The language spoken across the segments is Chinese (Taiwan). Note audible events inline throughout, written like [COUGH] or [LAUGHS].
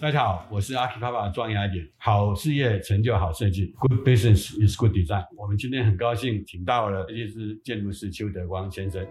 大家好，我是阿基爸爸的莊雅典。好事業成就好設計，Good business is good design。我們今天很高興請到了設計師建築師邱德光先生。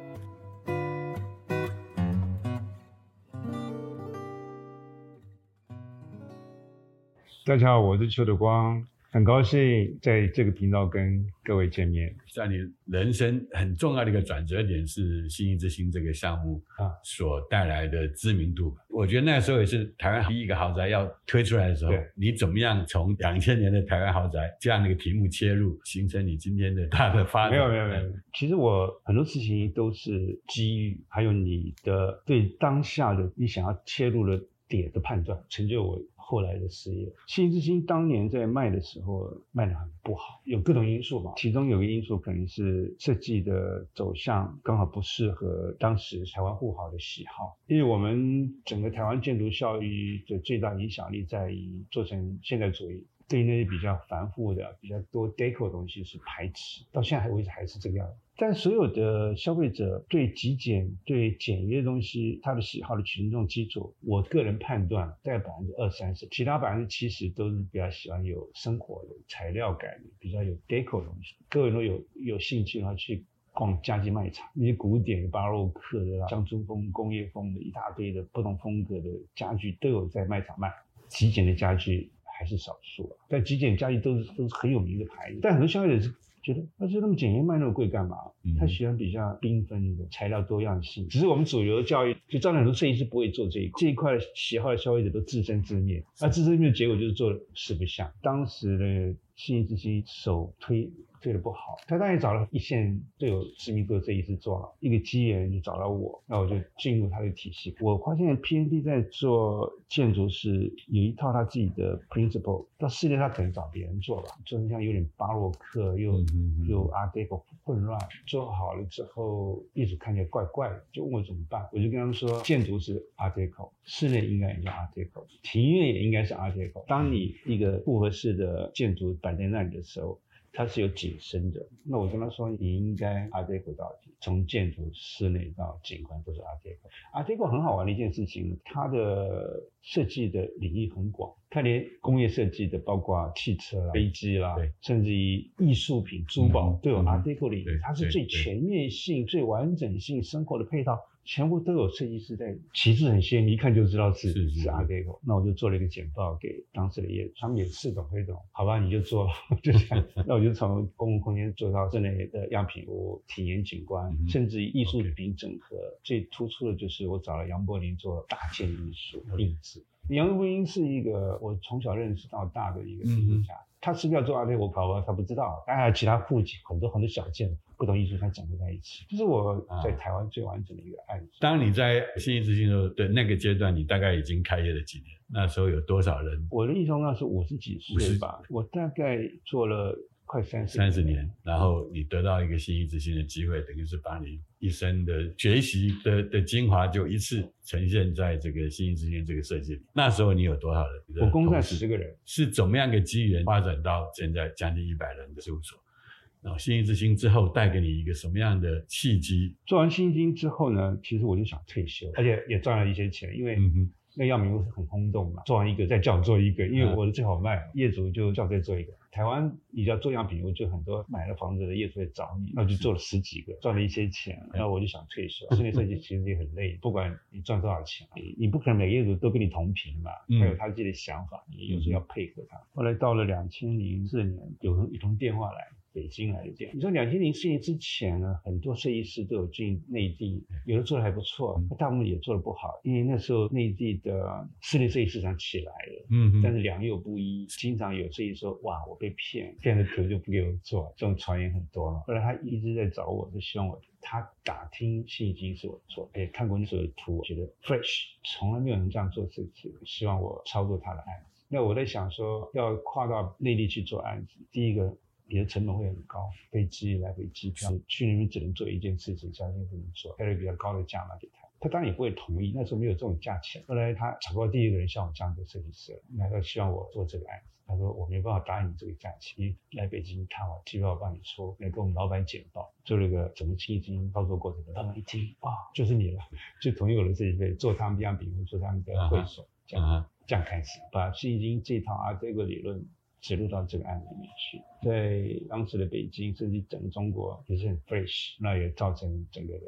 大家好，我是邱德光。很高興在這個頻道跟各位見面，在你人生很重要的一個轉折點是《信義之星》這個項目啊所帶來的知名度、啊。我覺得那時候也是台灣第一個豪宅要推出來的時候，你怎麼樣從兩千年的台灣豪宅這樣的一個題目切入，形成你今天的大的發展？沒有沒有沒有、嗯，其實我很多事情都是機遇，還有你的對當下的你想要切入的點的判斷，成就我。後來的事業，信義之星當年在賣的時候，賣得很不好，有各種因素吧，其中有個因素可能是設計的走向剛好不適合當時台灣富豪的喜好，因為我們整個台灣建築效益的最大影響力在於做成現代主義，對於那些比較繁複的比較多 Deco 的東西是排斥，到現在為止還是這個樣子，但所有的消費者對極簡、對簡約的東西，他的喜好的群眾基礎，我個人判斷在百分之二三十，其他百分之七十都是比較喜歡有生活的材料感，比較有 Deco 的東西。各位如果有有，有興趣的話，去逛家具賣場，那些古典的、的巴洛克的、鄉村風、工業風的一大堆的不同風格的家具都有在賣場賣。極簡的家具還是少數，但極簡家具都是都是很有名的牌子，但很多消費者是。覺得，而、啊、且那麼簡約，賣那麼貴幹嘛？他喜歡比較繽紛的材料多樣性。嗯嗯。只是我們主流的教育就造成很多設計師不會做這一塊、嗯，這一塊喜好的消費者都自生自滅，那自生自滅的結果就是做四不像。當時的信義之星首推。對的不好，他當時找了一線隊友，知名度這一次做了一個機緣，就找到我，那我就進入他的體系。我發現 PND 在做建築是有一套他自己的 principle，到室內他可能找別人做吧，做成像有點巴洛克又嗯嗯嗯又 Art Deco 混亂，做好了之後業主看起來怪怪的，就問我怎麼辦，我就跟他們說建築是 Art Deco，室內應該也叫 Art Deco，庭院也應該是 Art Deco。當你一個不合適的建築擺在那裡的時候。它是有景深的。那我跟他說，你應該 Art Deco 到底，從建築室內到景觀都是 Art Deco。Art Deco 很好玩的一件事情，它的設計的領域很廣，它連工業設計的，包括汽車啦、飛機啦，甚至於藝術品珠、珠、嗯、寶，都有 Art Deco 領域，它是最全面性、最完整性、生活的配套。全部都有設計師在，旗幟很鮮豔，一看就知道是是 Art Deco。那我就做了一個簡報給當時的業主，他們也似懂非懂。好吧，你就做 [LAUGHS] 就這樣。那我就從公共空間做到這類的樣品屋、體驗景觀，甚至於藝術品整合、嗯。最突出的就是我找了楊柏林做大件藝術印制。楊、嗯、柏林是一個我從小認識到大的一個藝術家。嗯嗯他是不是要做案例？我搞我他不知道。然，其他副件很多很多小件，不同藝術他整合在一起，這是我在台灣最完整的一個案例。啊。當然你在信義之星的時候，對那個階段，你大概已經開業了幾年？那時候有多少人？我的印象那是五十幾歲吧是，我大概做了。快三十三十年，然後你得到一個信義之星的機會，等於是把你一生的學習的的精華，就一次呈現在這個信義之星這個設計裡。那時候你有多少人？我公算十個人，是怎麼樣一個機緣發展到現在將近一百人的事務所？然後信義之星之後帶給你一個什麼樣的契機？做完信義之星之後呢，其實我就想退休，而且也賺了一些錢，因為嗯哼。那樣品屋是很轟動嘛，做完一個再叫做一個，因為我是最好賣，業主就叫再做一個。嗯、台灣你叫做樣品屋就很多，買了房子的業主來找你，那就做了十幾個，賺了一些錢，然、嗯、後我就想退休。室內設計其實也很累，不管你賺多少錢，你不可能每個業主都跟你同頻嘛，嗯、還有他自己的想法，你有時候要配合他。嗯、後來到了兩千零四年，有人，一通電話來。北京來的店，你說二千零四年之前呢、啊，很多設計師都有進內地，有的做的還不錯，大部分也做的不好，因為那時候內地的室內設計市場起來了，嗯，但是良莠不一，經常有設計師說哇，我被騙，騙的可能就不給我做， [LAUGHS] 這種傳言很多。後來他一直在找我，就希望我他打聽，信義是我做的，也看過那時候的圖，我覺得 fresh 從來沒有人這樣做設計，希望我操作他的案子。那我在想說，要跨到內地去做案子，第一個。你的成本會很高，飛機來回機票，去那邊只能做一件事情，相信不能做，開有比較高的價碼給他，他當然也不會同意，那時候沒有這種價錢。後來他找到第一個人像我這樣的設計師了，嗯、那他希望我做這個案子，他說我沒辦法答應你這個價錢，你來北京看我，機票我幫你出，來跟我們老板簡報。做了一個什麼信義操作過程的，老闆一聽啊，就是你了，就同意我的設計費，做他們這樣，比如說他們的會所，這樣、uh -huh. 這樣開始，把信義這一套啊這個理論，植入到這個案裡面去，在當時的北京，甚至整個中國也、就是很 fresh，那也造成整個的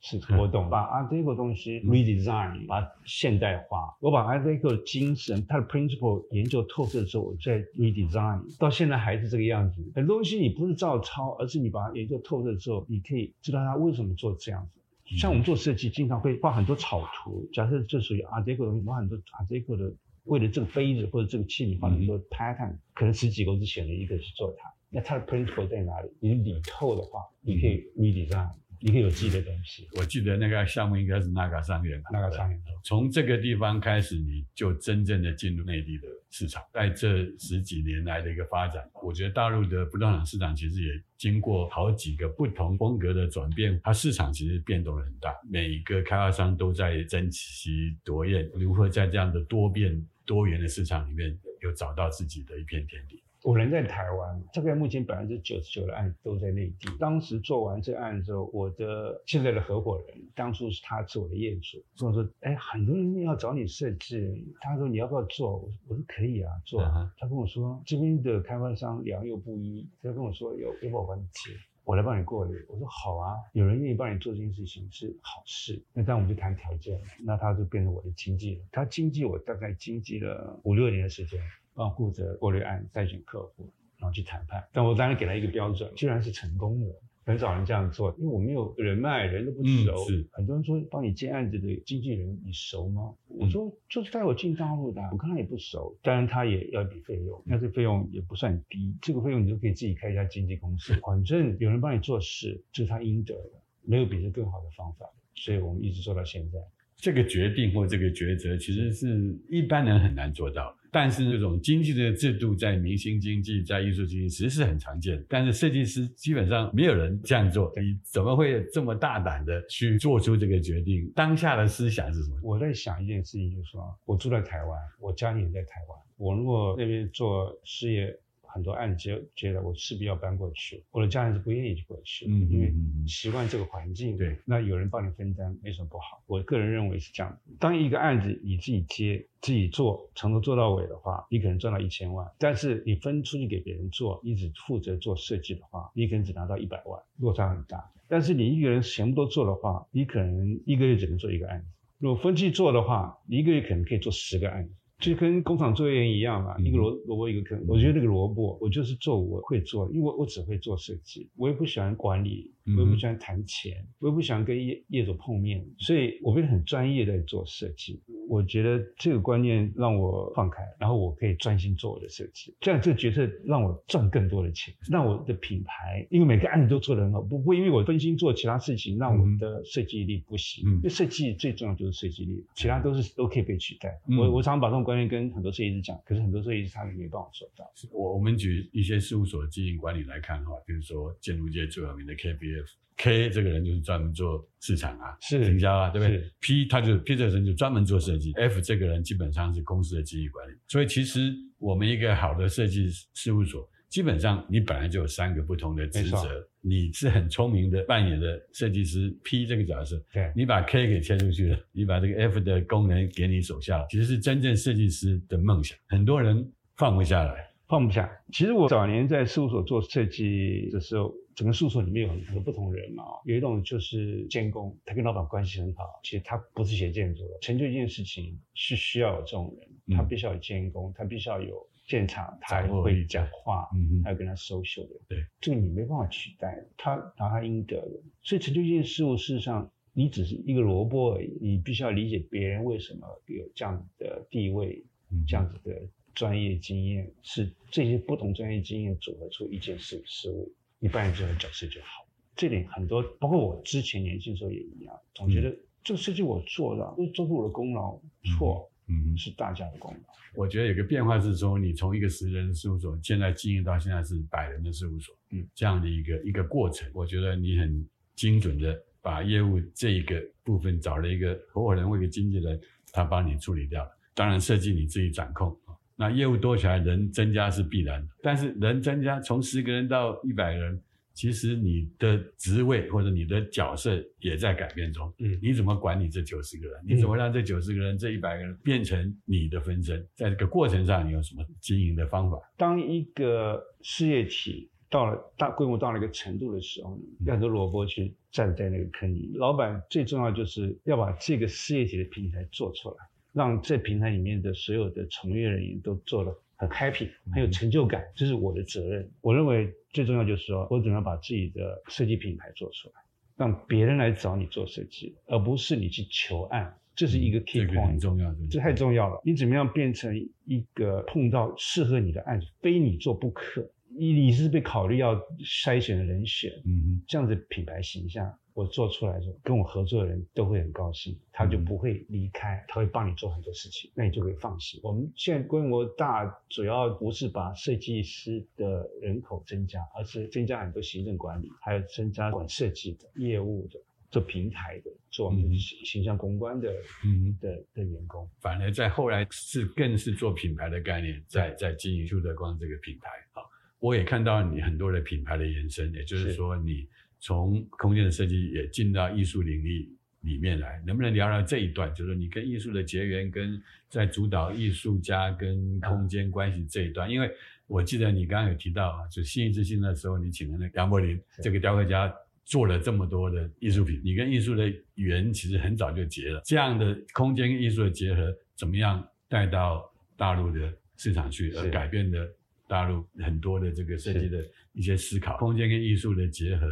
市場波動。嗯、把 Art Deco 東西 redesign，把現代化。我把 Art Deco 精神、它的 principle 研究透徹的時候，再 redesign。到現在還是這個樣子。很、嗯、多東西你不是照抄，而是你把它研究透徹的時候，你可以知道它為什麼做這樣子。嗯、像我們做設計，經常會畫很多草圖。假設這屬於 Art Deco 東西，畫很多 Art Deco 的。為了這個杯子或者這個器皿，放很多 pattern，可能十幾個公司選了一個去做它。嗯、那它的 principle 在哪裡？你理透的話，你可以、嗯、你理解上、嗯，你可以有自己的東西。我記得那個項目應該是 Naga 商業，Naga 商業從這個地方開始，你就真正的進入內地的市場。在這十幾年來的一個發展，我覺得大陸的不動產市場其實也經過好幾個不同風格的轉變，它市場其實變動了很大。每一個開發商都在爭奇奪豔，如何在這樣的多變多元的市場裡面有找到自己的一片天地。我人在台灣，這個目前百分之九十九的案子都在內地。當時做完這案之後，我的現在的合夥人，當初是他做我的業主，所以我說：“哎、欸，很多人要找你設計。”他說：“你要不要做？”我說：“可以啊，做。嗯”他跟我說：“這邊的開發商良莠不一。”他跟我說：“有，要不要幫你接？”我來幫你過濾，我說好啊，有人願意幫你做這件事情是好事。那當然我們就談條件，那他就變成我的經紀人。他經紀我大概經紀了五六年的時間，幫負責過濾案、篩選客戶，然後去談判。但我當然給他一個標準，居然是成功的。很少人這樣做，因為我沒有人脈，人都不熟。嗯、是。很多人說幫你接案子的經紀人，你熟嗎？我說，就是帶我進大陸的、啊，我跟他也不熟，當然他也要一筆費用，那這費用也不算低，這個費用你就可以自己開一家經紀公司，反正有人幫你做事，這、就是他應得的，沒有比這更好的方法，所以我們一直做到現在。這個決定或這個抉擇，其實是一般人很難做到，但是那種經紀的制度，在明星經紀、在藝術經紀，其實是很常見，但是設計師基本上沒有人這樣做。你怎麼會這麼大膽的去做出這個決定？當下的思想是什麼？我在想一件事情，就是說，我住在台灣，我家裡也在台灣，我如果那邊做事業。很多案子就，覺得我勢必要搬過去。我的家人是不願意去過去，嗯嗯嗯嗯，因為習慣這個環境。對，那有人幫你分擔，沒什麼不好。我個人認為是這樣的：當一個案子你自己接、自己做，從頭做到尾的話，你可能賺到一千萬；但是你分出去給別人做，你只負責做設計的話，你可能只拿到一百萬，落差很大。但是你一個人全部都做的話，你可能一個月只能做一個案子；如果分期做的話，一個月可能可以做十個案子。就跟工廠作業員一樣嘛，嗯、一個蘿蘿蔔一個坑、嗯。我覺得那個蘿蔔，我就是做我會做，因為我,我只會做設計，我也不喜歡管理，嗯、我也不喜歡談錢，我也不喜歡跟業業主碰面，所以，我變得很專業的做設計。我覺得這個觀念讓我放開，然後我可以專心做我的設計。這樣這個角色讓我賺更多的錢，讓我的品牌，因為每個案子都做得很好。不會，因為我分心做其他事情，讓我的設計力不行。嗯，因為設計最重要就是設計力、嗯，其他都是、嗯、都可以被取代。嗯、我我常把這種。跟很多設計師講，可是很多設計師他也沒辦法做到。我我們舉一些事務所的經營管理來看的話，比如說建築界最有名的 KPF，K 這個人就是專門做市場啊，是成交啊，對不對？P 他就是 P 這個人就專門做設計，嗯，F 這個人基本上是公司的經營管理。所以其實我們一個好的設計事務所。基本上你本來就有三個不同的職責，你是很聰明的扮演了設計師 P 這個角色，對，你把 K 給切出去了，你把這個 F 的功能給你手下，其實是真正設計師的夢想，很多人放不下來，放不下。其實我早年在事務所做設計的時候，整個事務所裡面有很多不同人嘛，有一種就是監工，他跟老闆關係很好，其實他不是學建築的，成就一件事情是需要有這種人，他必須要有監工，他必須要有。現場他還會講話，嗯、他還要跟他收袖的，對，這個你沒辦法取代。他拿他應得的，所以成就一件事物，事實上你只是一個蘿蔔而已。你必須要理解別人為什麼有這樣的地位，這樣子的專業經驗、嗯，是這些不同專業經驗組合出一件事事物。你扮演這個的角色就好。這點很多，包括我之前年輕時候也一樣，總覺得這個事情我做了，都是我的功勞，錯、嗯。嗯，是大家的功勞。我覺得有個變化是說，你從一個十人的事務所，現在經營到現在是百人的事務所，嗯，這樣的一個一個過程，我覺得你很精準的把業務這一個部分找了一個合夥人或者一個經紀人，他幫你處理了掉。當然設計你自己掌控。那業務多起來，人增加是必然的。但是人增加從十個人到一百人。其實你的職位或者你的角色也在改變中。嗯，你怎麼管理這九十個人，嗯？你怎麼讓這九十個人、嗯、這一百個人變成你的分身？在這個過程上，你有什麼經營的方法？當一個事業體到了大規模到了一個程度的時候，要個蘿蔔去站在那個坑裡，嗯。老闆最重要就是要把這個事業體的平台做出來，讓這平台裡面的所有的從業人員都做了。很 happy，很有成就感，嗯，這是我的責任。我認為最重要就是說，我怎麼樣把自己的設計品牌做出來，讓別人來找你做設計，而不是你去求案，這是一個 key point，嗯，這個挺重要的，這太重要了，嗯。你怎麼樣變成一個碰到適合你的案子，非你做不可？你你是被考慮要篩選的人選，嗯，這樣子品牌形象我做出來之後，跟我合作的人都會很高興，他就不會離開、嗯，他會幫你做很多事情，那你就可以放心。我們現在規模大，主要不是把設計師的人口增加，而是增加很多行政管理，還有增加管設計的、業務的、做平台的、做我們形形象公關的、嗯、的的員工。反而在後來是更是做品牌的概念，在在經營邱德光這個品牌啊。哦我也看到你很多的品牌的延伸，也就是說，你從空間的設計也進到藝術領域裡面來，能不能聊聊這一段？就是說，你跟藝術的結緣，跟在主導藝術家跟空間關係這一段、嗯，因為我記得你剛剛有提到啊，就信義之星的時候，你請了那楊柏林這個雕刻家做了這麼多的藝術品，你跟藝術的緣其實很早就結了。這樣的空間跟藝術的結合，怎麼樣帶到大陸的市場去，而改變的？大陸很多的這個設計的一些思考，空間跟藝術的結合，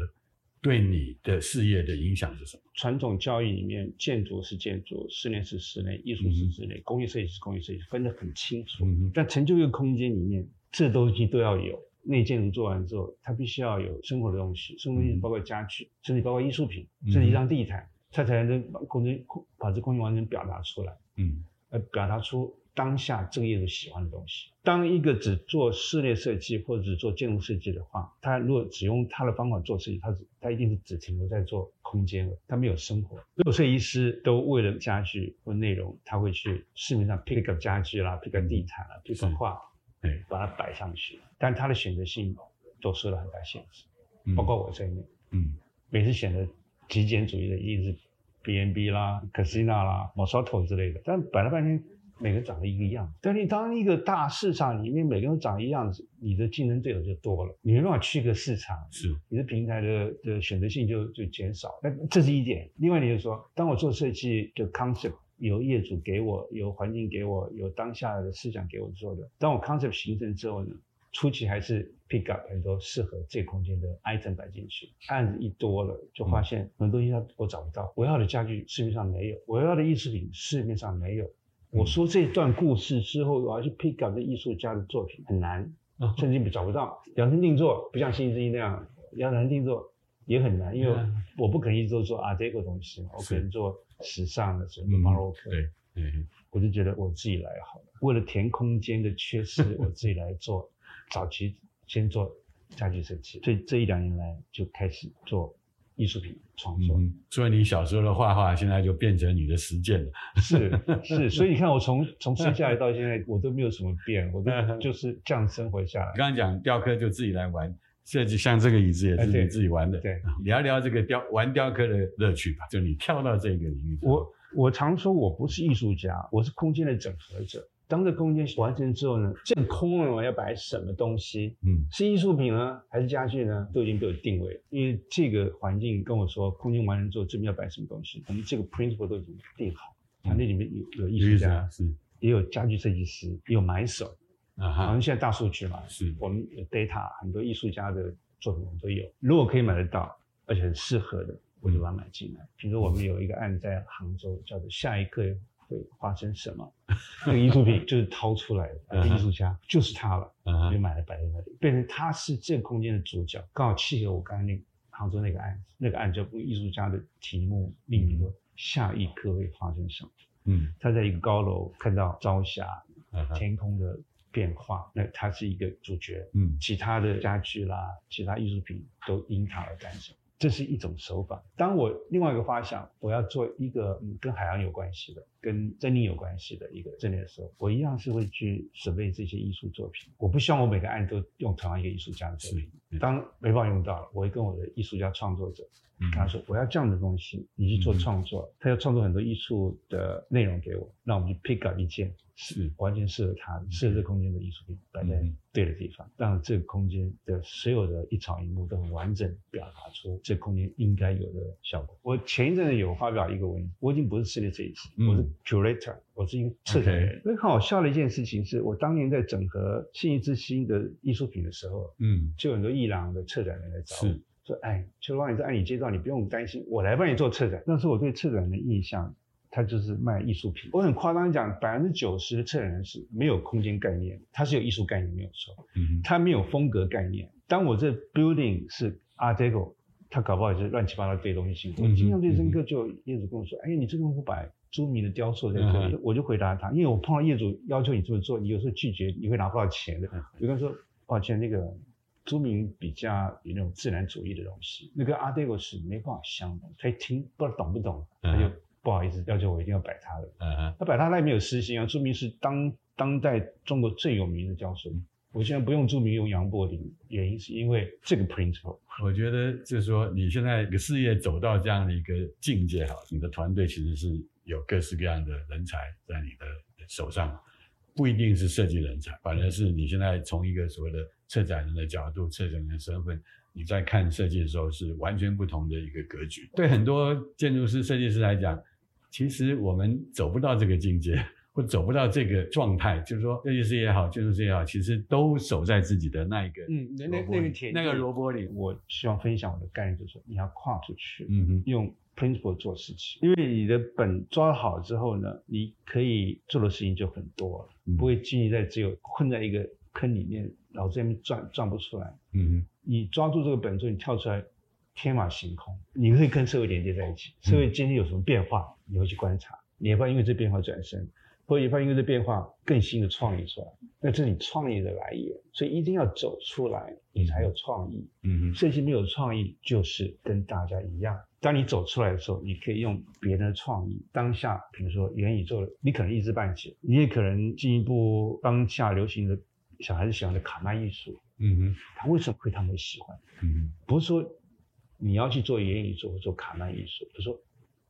對你的事業的影響是什麼？傳統教育裡面，建築是建築，室內是室內，藝術是室內、嗯，工業設計是工業設計，分得很清楚、嗯哼。但成就一個空間裡面，這東西都要有。那建築做完之後，它必須要有生活的東西，生活的東西包括家具、嗯，甚至包括藝術品，甚至一張地毯，它、嗯、才、才能把空間把這空間完全表達出來。嗯，呃，表達出。當下這個業主喜歡的東西。當一個只做室內設計或者做建築設計的話，他如果只用他的方法做設計，他他一定是只停留在做空間的，他沒有生活。如果設計師都為了家具或內容，他會去市面上 pick up 家具啦、嗯、，pick up 地毯啦、啊嗯、，pick up 畫，把它擺上去。但他的選擇性都受到很大限制，嗯、包括我在內，嗯，每次選擇極簡主義的一定是 B&B 啦、Cassina 啦、Mosotto、嗯、之類的，但擺了半天。每個長得一個樣，但是你當一個大市場裡面每個人長一樣子，子你的競爭對手就多了，你沒辦法去一個市場，是你的平台的的選擇性就就減少。那這是一點。另外，你就說，當我做設計，就 concept 由業主給我，由環境給我，由當下的市場給我做的。當我 concept 形成之後呢，初期還是 pick up 很多適合這空間的 item 擺進去。案子一多了，就發現很多東西他我找不到、嗯，我要的家具市面上沒有，我要的藝術品市面上沒有。嗯、我說這段故事之後，我要去 pick up 這藝術家的作品很難啊，哦、甚至你找不到量身 [LAUGHS] 定做，不像信義之星那樣量身定做也很難，嗯，因為我不可能一直都做啊這個東西，我可能做時尚的什麼巴洛克。嗯、對，對，我就覺得我自己來好了。為了填空間的缺失，我自己來做， [LAUGHS] 早期先做家具設計，所以這一兩年來就開始做藝術品創作。嗯，所以你小時候的畫畫，現在就變成你的實踐了。是是，所以你看我，我從從生下來到現在，我都沒有什麼變， [LAUGHS] 我都就是這樣生活下來。剛剛講雕刻，就自己來玩，設計，像這個椅子也是你自己玩的。哎、對，對，聊聊這個雕玩雕刻的樂趣吧。就你跳到這個領域，我我常說我不是藝術家，我是空間的整合者。當這空間完成之後呢，這個空間我要擺什麼東西？嗯，是藝術品呢，還是家具呢？都已經被我定位了。因為這個環境跟我說，空間完成之後這邊要擺什麼東西，我們這個 principle 都已經定好。嗯，團隊裡面有有藝術家，是也有家具設計師，也有買手。啊哈，反正現在大數據嘛，是，我們有 data，很多藝術家的作品我們都有。如果可以買得到，而且很適合的，我就把它買進來、嗯。比如說我們有一個案在杭州，叫做“下一刻”。會發生什麼？ [LAUGHS] 那個藝術品就是掏出來的， [LAUGHS] 啊、藝術家就是他了， [LAUGHS] 就買了擺在那裡， [LAUGHS] 變成他是這個空間的主角。剛好契合我剛才那個、杭州那個案子，那個案子就用藝術家的題目命名了、嗯。下一刻會發生什麼？嗯，他在一個高樓看到朝霞、嗯，天空的變化、嗯，那他是一個主角。嗯，其他的家具啦，其他藝術品都因他而誕生，這是一種手法。當我另外一個發想，我要做一個跟海洋有關係的。跟真理有關係的一個真理的時候，我一樣是會去準備這些藝術作品。我不希望我每個案都用同樣一個藝術家的作品、嗯。當沒辦法用到了，我會跟我的藝術家創作者、嗯，他說我要這樣的東西，你去做創作、嗯。他要創作很多藝術的內容給我、嗯，那我們就 pick up 一件是完全適合他設置、嗯、空間的藝術品，擺在對的地方，嗯、讓這個空間的所有的一草一木都很完整，表達出這空間應該有的效果。我前一陣子有發表一個文章，我已經不是設計師這一次，嗯、我是。Curator，我是一個策展人。那、okay. 很好笑的一件事情是，我當年在整合信義之星的藝術品的時候，嗯，就有很多藝廊的策展人來找我，說：“哎，就讓你在阿裡介紹，你不用擔心，我來幫你做策展。Okay. ”那時候我對策展人的印象，他就是賣藝術品。我很誇張講，百分之九十的策展人是沒有空間概念，他是有藝術概念沒有錯，嗯哼，他沒有風格概念。當我這 building 是 Art Deco。他搞不好就是亂七八糟這些東西。我印象最深刻，就業主跟我說：“嗯嗯嗯哎呀，你這個屋擺朱銘的雕塑在這裡。嗯嗯”我就回答他：“因為我碰到業主要求你這麼做，你有時候拒絕你會拿不到錢的。有個人說抱歉，那個朱銘比較有那種自然主義的東西，那個阿德戈是沒辦法相比。他一聽不知道懂不懂，嗯嗯他就不好意思要求我一定要擺他的。嗯嗯，嗯，他擺他那也沒有私心啊，朱銘是當當代中國最有名的雕塑。我現在不用著名用楊柏林，原因是因為這個 principle。我覺得就是說，你現在一個事業走到這樣的一個境界哈，你的團隊其實是有各式各樣的人才在你的手上，不一定是設計人才，反而是你現在從一個所謂的策展人的角度、策展人的身份，你在看設計的時候是完全不同的一個格局。對很多建築師、設計師來講，其實我們走不到這個境界。會走不到這個狀態，就是說，設計師也好，建築師也好，其實都守在自己的那一個嗯，那那那個鐵那個蘿蔔裡。我希望分享我的概念，就是說你要跨出去，嗯，用 principle 做事情，因為你的本抓好之後呢，你可以做的事情就很多，了、嗯。不會拘泥在只有困在一個坑裡面，腦子裡面轉轉不出來。嗯，你抓住這個本座，你跳出來，天馬行空，你會跟社會連接在一起。社會今天有什麼變化，你會去觀察，嗯、你也會因為這變化轉身。所以，翻新的變化，更新的創意出來，那這是你創意的來源，所以一定要走出來，你才有創意。嗯哼，甚至沒有創意就是跟大家一樣。當你走出來的時候，你可以用別人的創意，當下，比如說元宇宙，你可能一知半解，你也可能進一步當下流行的，小孩子喜歡的卡漫藝術。嗯哼，他為什麼會他們喜歡？嗯哼，不是說你要去做元宇宙或做卡漫藝術，不是說。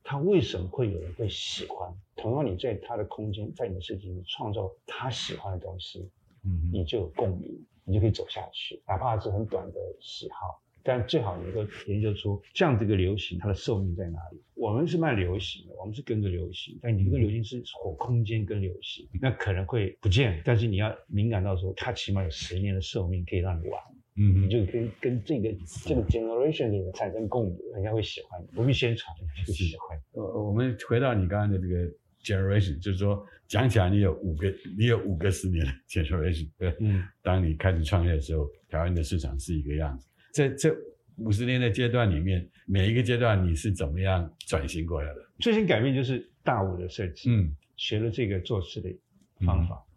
他為什麼會有人會喜歡？同樣，你在他的空間，在你的設計裡創造他喜歡的東西，嗯，你就有共鳴，你就可以走下去，哪怕是很短的喜好，但最好能夠研究出這樣子一個流行，它的壽命在哪裡？我們是賣流行的，我們是跟着流行，但你這個流行是火空間跟流行，那可能會不見，但是你要敏感到說，它起碼有十年的壽命可以讓你玩。嗯，你就跟跟這個這個 generation 裡面產生共鳴，人家會喜歡，不必宣傳，就喜歡。呃，我們回到你剛剛的這個 generation，就是說講起來，你有五個，你有五個十年的 generation。對、嗯，當你開始創業的時候，台灣的市場是一個樣子。在這五十年的階段裡面，每一個階段你是怎麼樣轉型過來的？最新改變就是大物的設計。嗯，學了這個做事的方法。嗯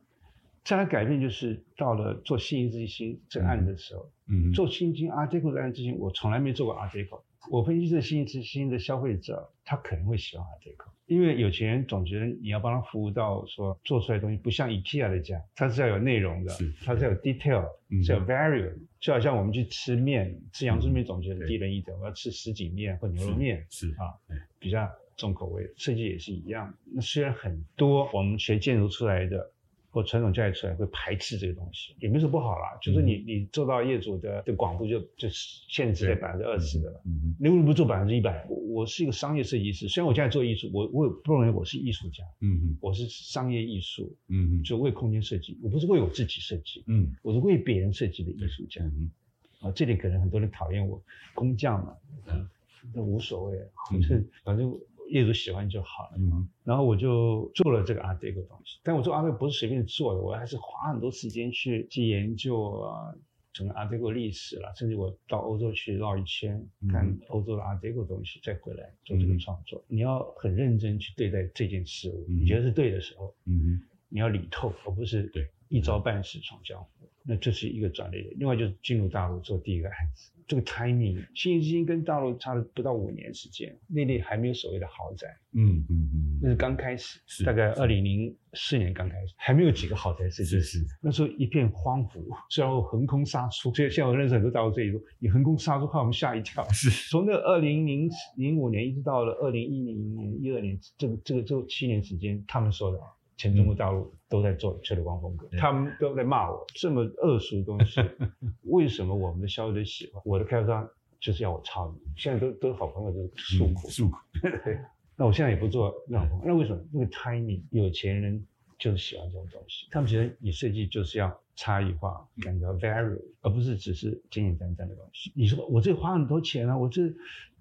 再來改變就是到了做信義之星這個案子的時候，嗯，嗯，做信義之星 Art Deco 這的案子之前，我從來沒做過 Art Deco 我分析這個信義之星的消費者，他可能會喜歡 Art Deco 因為有錢人總覺得你要幫他服務到說做出來的東西不像 IKEA 的這樣，它是要有內容的，是它是要有 detail，、嗯、是要 value。就好像我們去吃麵，吃揚州麵，總覺得低人一等。我要吃什錦麵或牛肉麵，是，是啊，比較重口味。設計也是一樣。那雖然很多我們學建築出來的。或傳統教育出來會排斥這個東西，也沒說不好啦。嗯、就是你你做到業主的的廣度就就是限制在百分之二十的了，嗯、你為什麼不做百分之一百？我是一個商業設計師，雖然我現在做藝術，我我也不認為我是藝術家，嗯嗯，我是商業藝術，嗯嗯，就為空間設計，我不是為我自己設計，嗯，我是為別人設計的藝術家，嗯啊，這裡可能很多人討厭我工匠嘛，嗯，那無所謂，就、嗯、是反正。業主喜歡就好了，嗯。然後我就做了這個 Art Deco 東西。但我做 Art Deco 不是隨便做的，我還是花很多時間去去研究啊，整個 Art Deco 歷史了，甚至我到歐洲去繞一圈，嗯、看歐洲的 Art Deco 東西，再回來做這個創作，嗯。你要很認真去對待這件事物。嗯、你覺得是對的時候，嗯，你要理透，而不是對一招半式闖江湖。那這是一個轉捩點，另外就是進入大陸做第一個案子。這個 timing 信義之星跟大陸差了不到五年時間，內地還沒有所謂的豪宅，嗯嗯嗯，那是剛開始，是大概二零零四年剛開始，還沒有幾個豪宅，是是，是，那時候一片荒蕪。雖然我橫空殺出，所以現在我認識很多大陸這一路，你橫空殺出，害我們嚇一跳。是，從那二零零零五年一直到了二零一零年一二年，這個這個這七年時間，他們說的啊。全中國大陸都在做 Art Deco 風格，嗯，他們都在罵我這麼惡俗的東西， [LAUGHS] 為什麼我們的消費者喜歡？我的開發商就是要我抄。現在都都是好朋友，就是訴苦訴、嗯、苦 [LAUGHS] 對。那我現在也不做那款，嗯，那為什麼？因為 tiny 有錢人就是喜歡這種東西，他們覺得你設計就是要差異化，嗯，感覺 v a r y 而不是只是簡簡單單的東西。你說我這花很多錢啊，我這。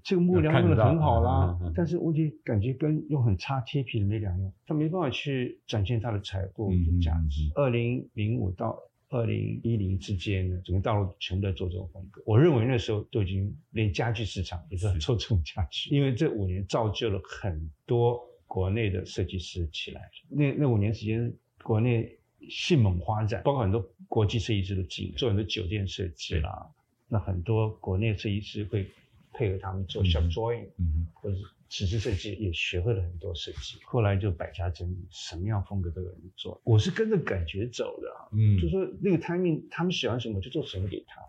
這個木梁用的很好啦，但是我就感覺跟用很差貼皮的沒兩樣，它沒辦法去展現它的財富價值。二零零五到二零一零之間呢，整個大陸全部都在做這種風格。我認為那時候都已經連家具市場也在做這種家具，因為這五年造就了很多國內的設計師起來。那那五年時間，國內迅猛發展，包括很多國際設計師都進做很多酒店設計啦。那很多國內設計師會。配合他們做小 join，、嗯嗯、或者紙質設計，也學會了很多設計。後來就百家爭鳴，什麼樣風格都有人做。我是跟着感覺走的，嗯，就說那個 timing，他們喜歡什麼就做什麼給他。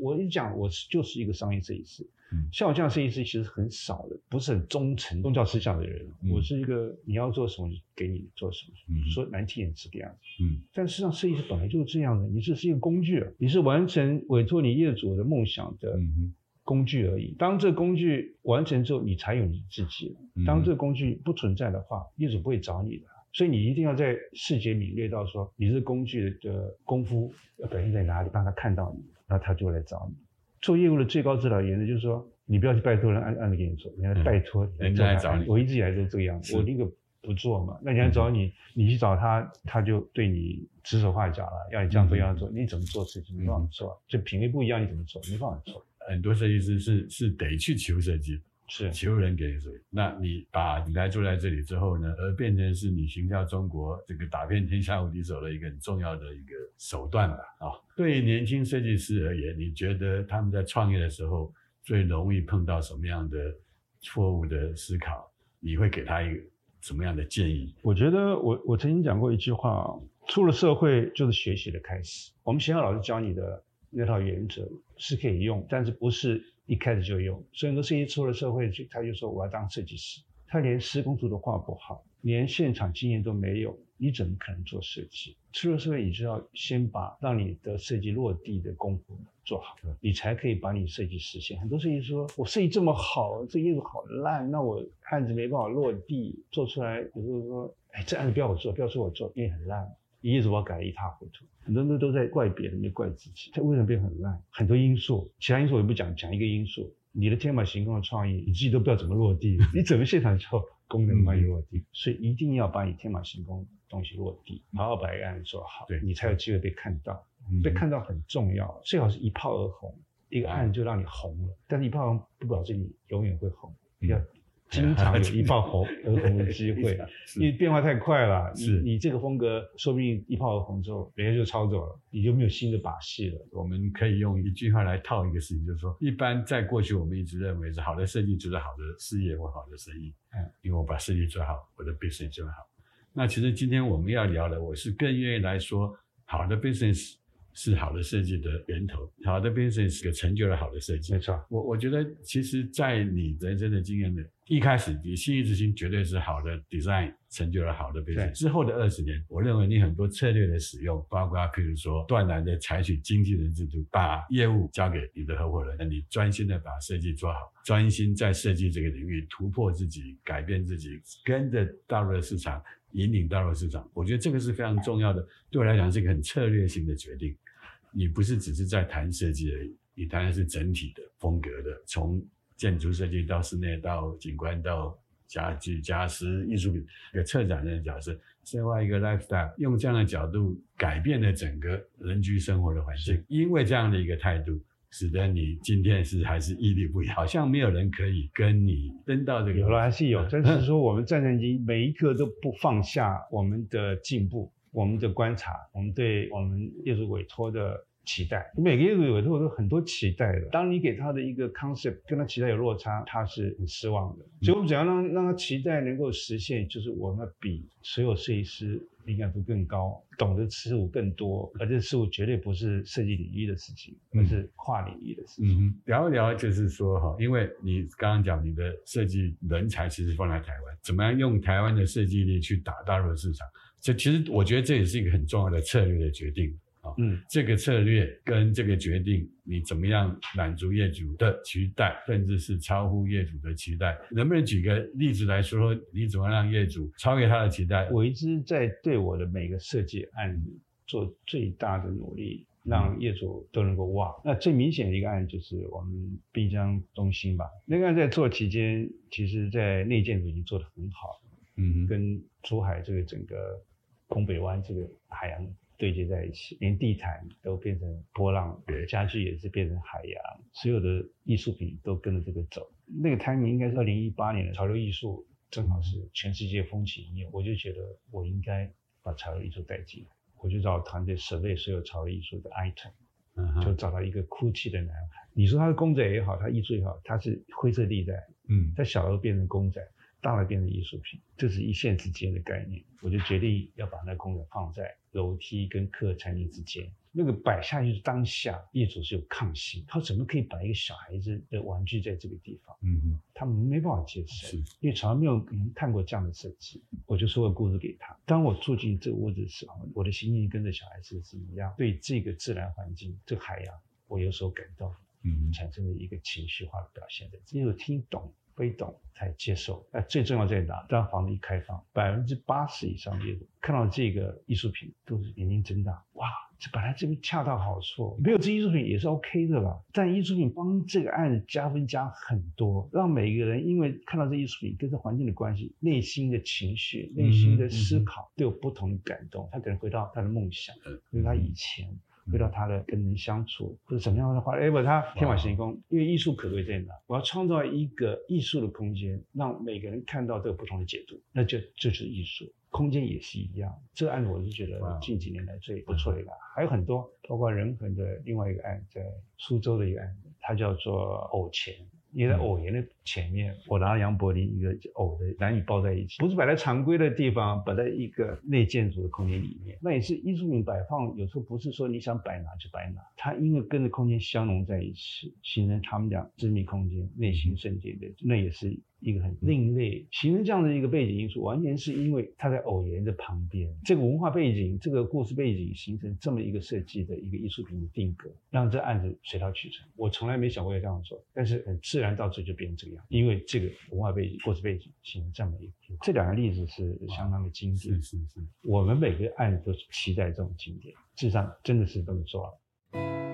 我一講，我是就是一個商業設計師、嗯，像我這樣設計師其實很少的，不是很忠誠宗教思想的人、嗯。我是一個你要做什麼給你做什麼，嗯、說難聽點是這樣子。嗯，但實際上設計師本來就是這樣的，你只是一個工具，你是完成委託你業主的夢想的。嗯，嗯工具而已。當這個工具完成之後，你才有你自己。當這個工具不存在的話，業、嗯、主不會找你的。所以你一定要在視覺敏銳到說，你這個工具的功夫要表現在哪裡，讓他看到你，那他就會來找你。做業務的最高指導原則就是說，你不要去拜托人按按着給你做，你看拜托人家、嗯、找你。我一直以來都這個樣子。我寧可不做嘛，那人家找你、嗯，你去找他，他就對你指手畫腳了，要你這樣做，嗯、要做，你怎麼做自己沒辦法做，這品類不一樣，你怎麼做，沒辦法做。很多設計師是是得去求設計，是求人給你水。那你把你來住在這裡之後呢，而變成是你尋找中國這個打遍天下無敵手的一個很重要的一個手段吧？啊、哦，對於年輕設計師而言，你覺得他們在創業的時候最容易碰到什麼樣的錯誤的思考？你會給他一個什麼樣的建議？我覺得我我曾經講過一句話：出了社會就是學習的開始。我們學校老師教你的。那套原則是可以用，但是不是一開始就用。所以很多設計出了社會，就他就說我要當設計師，他連施工圖都畫不好，連現場經驗都沒有，你怎麼可能做設計？出了社會，你就要先把讓你的設計落地的功夫做好，你才可以把你設計實現。嗯、很多設計師說我設計這麼好，這業主好爛，那我案子沒辦法落地做出來。比如說，哎，這案子不要我做，不要說我做，因為很爛，業主把我改一塌糊塗。很多人都在怪別人，也怪自己。他為什麼變很爛？很多因素，其他因素我也不講，講一個因素：你的天馬行空的創意，你自己都不知道怎麼落地。 [LAUGHS] 你整個現場之後，功能幫你落地，所以一定要把你天馬行空東西落地，然、嗯、後把一個案做好，對，你才有機會被看到、嗯。被看到很重要，最好是一炮而紅，一個案就讓你紅了。嗯、但是一炮紅不保證你永遠會紅。嗯要經常有一炮紅、而紅的機會，因為變化太快了。是，你這個風格，說不定一炮紅之後，別人就抄走了，你就沒有新的把戲了。我們可以用一句話來套一個事情，就是說，一般在過去，我們一直認為是好的設計就是好的事業或好的生意。嗯，因為我把生意做好，我的 business 做好。那其實今天我們要聊的，我是更願意來說，好的 business。是好的設計的源頭，好的 business 是個成就了好的設計。沒錯，我我覺得，其實，在你人生的經驗裡一開始，你信義之星絕對是好的 design 成就了好的 business。之後的二十年，我認為你很多策略的使用，包括譬如說，斷然的採取經紀人制度，把業務交給你的合夥人，那你專心的把設計做好，專心在設計這個領域突破自己、改變自己，跟着大陸的市場，引領大陸的市場。我覺得這個是非常重要的，對我來講是一個很策略性的決定。你不是只是在談設計而已，你談的是整體的風格的，從建築設計到室內，到景觀，到家具、家私、藝術品、一個策展人角色。另外一個 lifestyle，用這樣的角度改變了整個人居生活的環境。因為這樣的一個態度，使得你今天是還是屹立不搖，好像沒有人可以跟你登到這個。有了還是有，真是說我們戰戰兢兢，每一刻都不放下我們的進步。我們的觀察，我們對我們業主委托的期待，每個業主委托都很多期待的。當你給他的一個 concept 跟他期待有落差，他是很失望的。所以，我們只要讓讓他期待能夠實現，就是我們比所有設計師敏感度更高，懂得事物更多，而且事物絕對不是設計領域的事情，而是跨領域的事情。嗯，嗯聊一聊，就是說哈，因為你剛剛講你的設計人才其實放在台灣，怎麼樣用台灣的設計力去打大陸市場？這其實我覺得這也是一個很重要的策略的決定啊。嗯，這個策略跟這個決定，你怎麼樣滿足業主的期待，甚至是超乎業主的期待，能不能舉個例子來說說，你怎麼讓業主超越他的期待？我一直在對我的每個設計案做最大的努力，讓業主都能夠忘、嗯。那最明顯的一個案就是我們濱江中心吧。那個、案在做期間，其實在內建組已經做得很好了。嗯，跟珠海這個整個拱北灣這個海洋對接在一起，連地毯都變成波浪，家具也是變成海洋，所有的藝術品都跟着這個走。那個 timing 應該是二零一八年的潮流藝術，正好是全世界風起雲湧，嗯、我就覺得我應該把潮流藝術帶進來，我就找團隊 survey 所有潮流藝術的 item，、嗯、就找到一個哭泣的男孩。你說他是公仔也好，他藝術也好，他是灰色地帶，嗯，他小時候變成公仔。大了，變成藝術品，這是一線之間的概念。我就決定要把那功能放在樓梯跟客餐廳之間。那個擺下去是當下，業主是有抗性，他怎麼可以擺一個小孩子的玩具在這個地方？嗯嗯，他們沒辦法接受，是，因為從來沒有、嗯、看過這樣的設計。我就說個故事給他：當我住進這個屋子的時候，我的心情跟着小孩子是一樣，對這個自然環境，這個海洋，我有所感動，嗯，產生了一個情緒化的表現的。因為我聽懂。被動才接受，哎，最重要在哪？當房子一開放，百分之八十以上的業主看到這個藝術品都是眼睛睜大，哇！這本來這邊恰到好處，沒有這藝術品也是 OK 的了。但藝術品幫這個案子加分加很多，讓每一個人因為看到這藝術品，跟這環境的關係，內心的情緒、內心的思考都有不同的感動，mm -hmm. 他可能回到他的夢想，嗯，或者他以前。回到他的跟人相處或者怎麼樣的話，哎、欸、不，他天馬行空，wow. 因為藝術可貴在哪？我要創造一個藝術的空間，讓每個人看到這個不同的解讀，那就就是藝術空間也是一樣。這個案子我是覺得近幾年來最不錯的了，wow. 還有很多，包括仁恆的另外一個案子，在蘇州的一個案子，它叫做耦前。你在耦前的前面，嗯、我拿楊柏林一個偶的男女抱在一起，不是擺在常規的地方，擺在一個內建築的空間裡面。那也是藝術品擺放，有時候不是說你想擺哪就擺哪，它因為跟着空間相融在一起，形成他們倆私密空間、內心聖潔的，那也是。一個很另類形成這樣的一個背景因素，完全是因為他在偶園的旁邊，這個文化背景、這個故事背景形成這麼一個設計的一個藝術品的定格，讓這案子水到渠成。我從來沒想過要這樣做，但是很自然，到這就變成這個樣，因為這個文化背景、故事背景形成這麼一個。這兩個例子是相當的經典，是是是。我們每個案子都期待這種經典，事實上真的是這麼做了。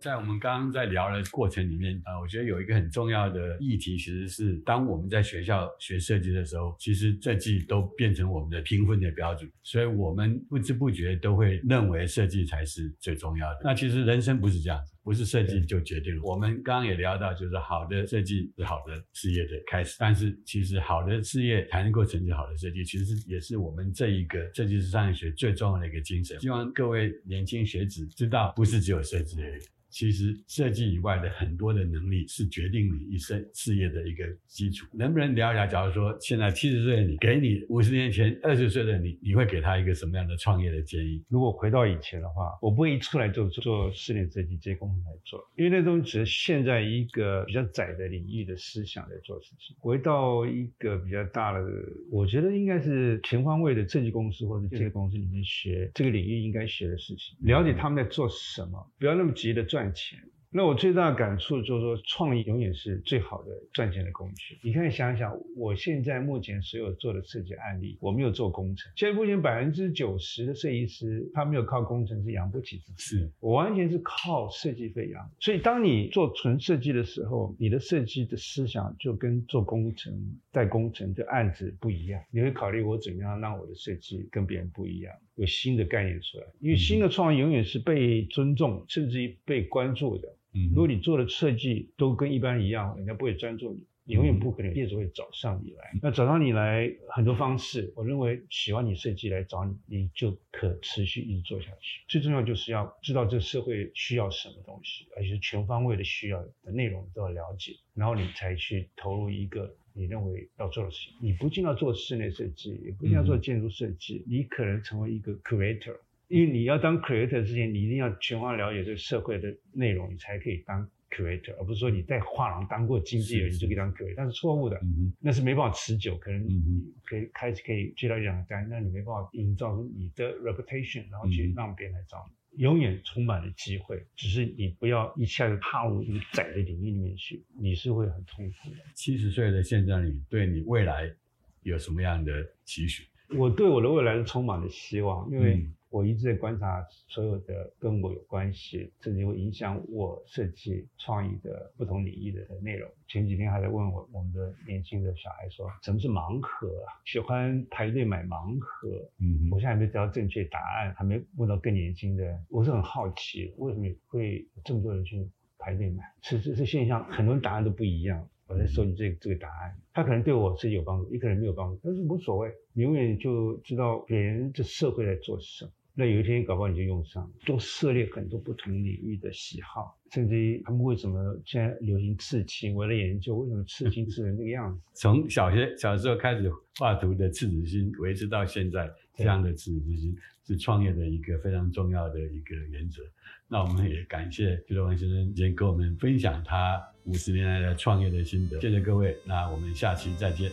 在我們剛剛在聊的過程裡面啊、呃，我覺得有一個很重要的議題，其實是當我們在學校學設計的時候，其實設計都變成我們的評分的標準，所以我們不知不覺都會認為設計才是最重要的。那其實人生不是這樣，不是設計就決定了。我們剛剛也聊到，就是好的設計是好的事業的開始，但是其實好的事業才能夠成就好的設計，其實也是我們這一個設計師商業學最重要的一個精神。希望各位年輕學子知道，不是只有設計而已。嗯其實設計以外的很多的能力是決定你一生事業的一個基礎。能不能聊一下？假如說現在七十歲的你，給你五十年前二十歲的你，你會給他一個什麼樣的創業的建議？如果回到以前的話，我不會一出來就做，做室內設計、這些工程來做，因為那東西只是現在一個比較窄的領域的思想來做事情。回到一個比較大的，我覺得應該是全方位的設計公司或者這個公司裡面學這個領域應該學的事情，了解他們在做什麼，不要那麼急的做。賺錢。那我最大的感觸就是說，創意永遠是最好的賺錢的工具。你可以想想我現在目前所有做的設計案例，我沒有做工程。現在目前百分之九十的設計師，他沒有靠工程是養不起自己。是，我完全是靠設計費養。所以，當你做純設計的時候，你的設計的思想就跟做工程、帶工程的案子不一樣。你會考慮我怎樣讓我的設計跟別人不一樣，有新的概念出來。因為新的創意永遠是被尊重，嗯、甚至於被關注的。嗯，如果你做的設計都跟一般一樣，人家不會專注你，你永遠不可能業主會找上你來。嗯、那找上你來很多方式，我認為喜歡你設計來找你，你就可持續一直做下去。最重要就是要知道這個社會需要什麼東西，而且全方位的需要的內容都要了解，然後你才去投入一個你認為要做的事情。你不一定要做室內設計，也不一定要做建築設計，你可能成為一個 creator。因為你要當 creator 之前，你一定要全方位了解這個社會的內容，你才可以當 creator，而不是說你在畫廊當過經紀人，你就可以當 creator，但是錯誤的，嗯、那是沒辦法持久。可能你可以、嗯、開始可以接到一兩單，那你沒辦法營造出你的 reputation，然後去讓別人來找你。嗯、永遠充滿了機會，只是你不要一下子踏入你窄的領域裡面去，你是會很痛苦的。七十歲的現在，你對你未來有什麼樣的期許？我對我的未來是充滿了希望，因為、嗯。我一直在觀察所有的跟我有關係，甚至會影響我設計創意的不同領域的內容。前幾天還在問我，我們的年輕的小孩說，什麼是盲盒啊？喜歡排隊買盲盒。嗯，我現在還沒得到正確答案，還沒問到更年輕的。我是很好奇，為什麼會這麼多人去排隊買？其實這現象，很多人答案都不一樣。我在說你這這個答案、嗯，他可能對我是有幫助，也可能沒有幫助，但是無所謂。你永遠就知道別人這社會在做什麼。那有一天，搞不好你就用上了。都涉獵很多不同領域的喜好，甚至於他們為什麼現在流行刺青？我在研究為什麼刺青刺成這個樣子。從、嗯、小學小時候開始畫圖的赤子心維持到現在。這樣的自信心是創業的一個非常重要的一個原則。那我們也感謝邱德光先生今天給我們分享他五十年來的創業的心得。謝謝各位，那我們下期再見。